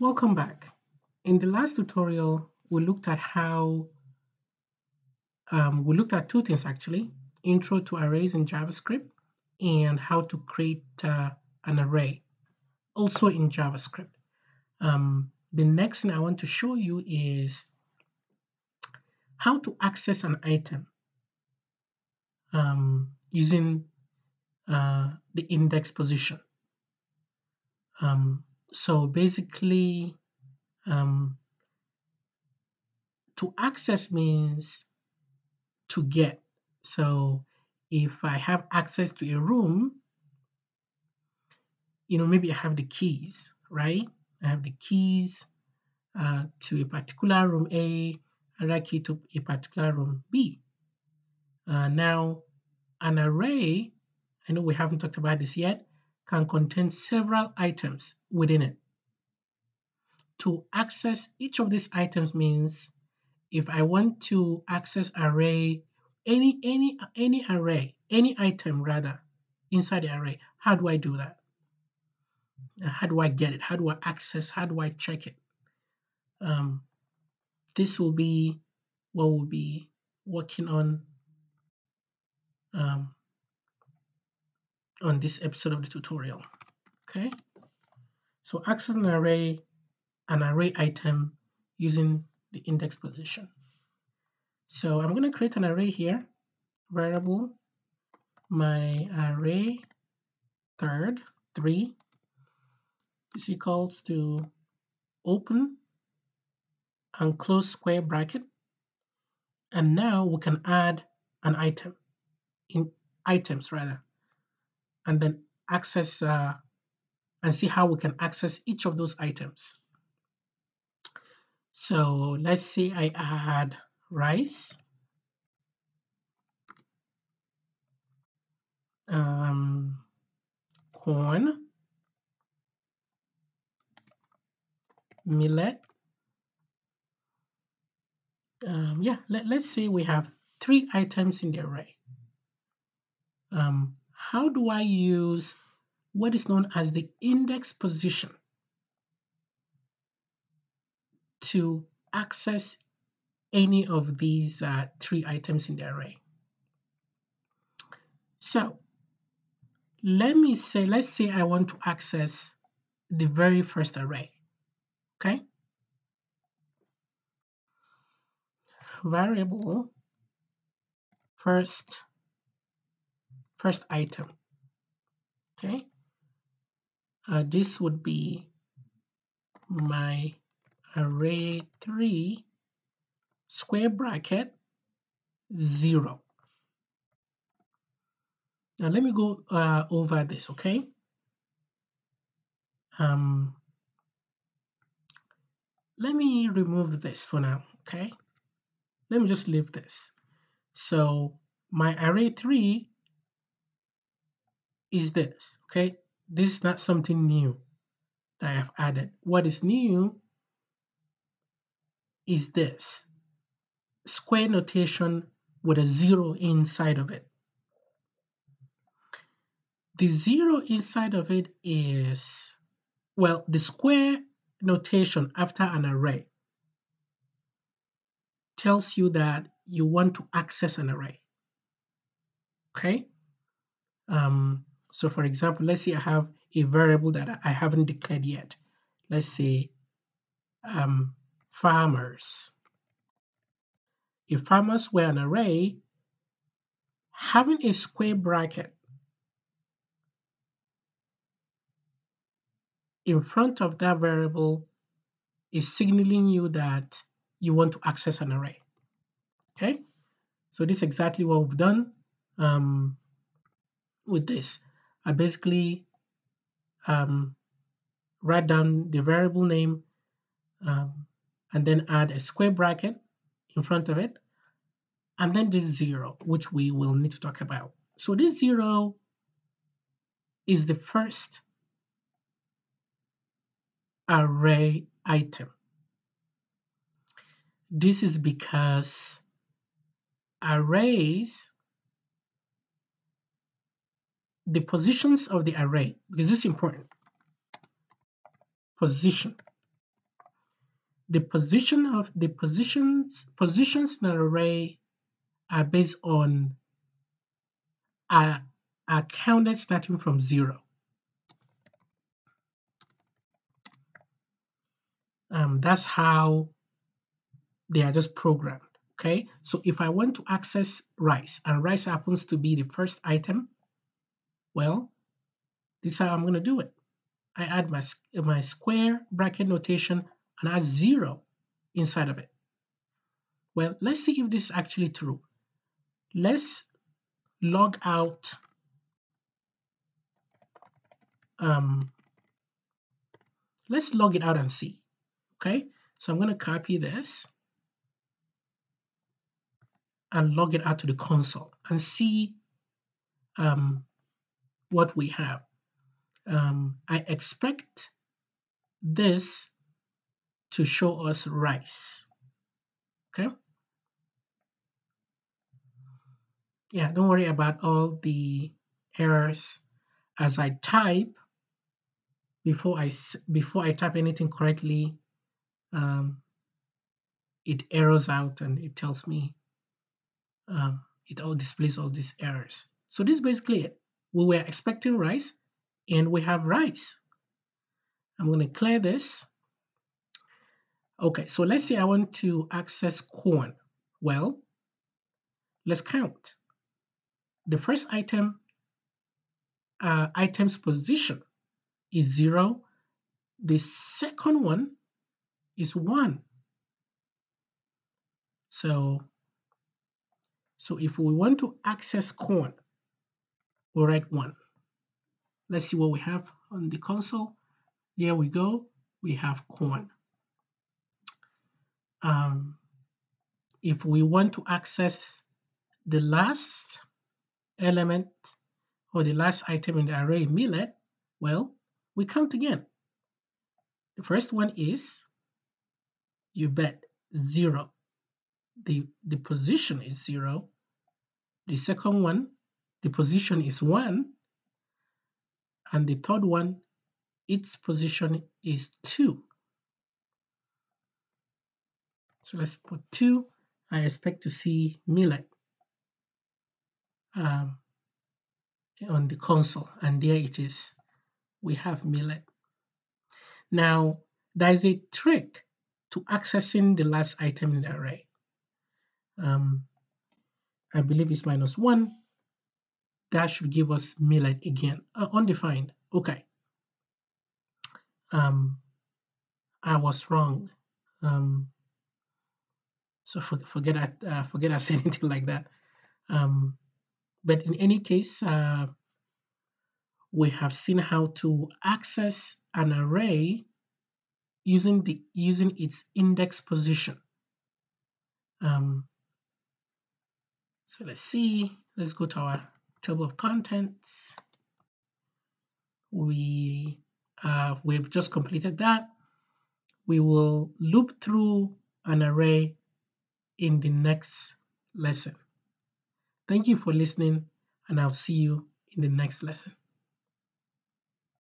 Welcome back. In the last tutorial, we looked at how, um, we looked at two things actually, intro to arrays in JavaScript and how to create uh, an array, also in JavaScript. Um, the next thing I want to show you is how to access an item um, using uh, the index position. Um, so basically, um, to access means to get. So if I have access to a room, you know, maybe I have the keys, right? I have the keys uh, to a particular room A, another key to a particular room B. Uh, now, an array, I know we haven't talked about this yet, can contain several items within it. To access each of these items means if I want to access array, any, any, any array, any item rather, inside the array, how do I do that? Uh, how do I get it? How do I access? How do I check it? Um, this will be what we'll be working on um, on this episode of the tutorial. Okay, so access an array, an array item using the index position. So I'm going to create an array here, variable my array third three is equals to open and close square bracket and now we can add an item in items rather and then access uh, and see how we can access each of those items. So let's say I add rice. Um, corn, millet. Um, yeah, let, us say we have three items in the array. Um, how do I use what is known as the index position to access any of these uh, three items in the array. So let me say, let's say I want to access the very first array, okay? Variable first first item. Okay, uh, this would be my array 3 square bracket 0. Now let me go uh, over this, okay? Um, let me remove this for now, okay? Let me just leave this. So my array 3 is this, okay? This is not something new that I have added. What is new is this square notation with a zero inside of it. The zero inside of it is, well, the square notation after an array tells you that you want to access an array. Okay? Um, so for example, let's say I have a variable that I haven't declared yet. Let's say um, farmers. If farmers were an array, having a square bracket in front of that variable is signaling you that you want to access an array. Okay, so this is exactly what we've done um, with this. I basically um, write down the variable name um, and then add a square bracket in front of it and then this zero which we will need to talk about so this zero is the first array item this is because arrays the positions of the array because this is important. Position. The position of the positions positions in an array are based on are, are counted starting from zero. Um, that's how they are just programmed. Okay, so if I want to access rice and rice happens to be the first item well, this is how I'm going to do it. I add my, my square bracket notation and add zero inside of it. Well, let's see if this is actually true. Let's log out um, let's log it out and see. Okay, so I'm going to copy this and log it out to the console and see um, what we have. Um, I expect this to show us rice. Okay. Yeah, don't worry about all the errors as I type before I before I type anything correctly. Um, it errors out and it tells me um, it all displays all these errors. So this is basically it we were expecting rice and we have rice. I'm going to clear this. Okay, so let's say I want to access corn. Well, let's count. The first item, uh, item's position is zero. The second one is one. So, so if we want to access corn, we'll write 1. Let's see what we have on the console. Here we go. We have corn. Um, if we want to access the last element or the last item in the array millet, well, we count again. The first one is, you bet, 0. The, the position is 0. The second one the position is 1. And the third one, its position is 2. So let's put 2. I expect to see Millet um, on the console. And there it is. We have Millet. Now, there is a trick to accessing the last item in the array. Um, I believe it's minus 1 that should give us millet again uh, undefined okay um i was wrong um so for, forget i uh, forget i said anything like that um but in any case uh we have seen how to access an array using the using its index position um so let's see let's go to our table of contents. We, uh, we've just completed that. We will loop through an array in the next lesson. Thank you for listening and I'll see you in the next lesson.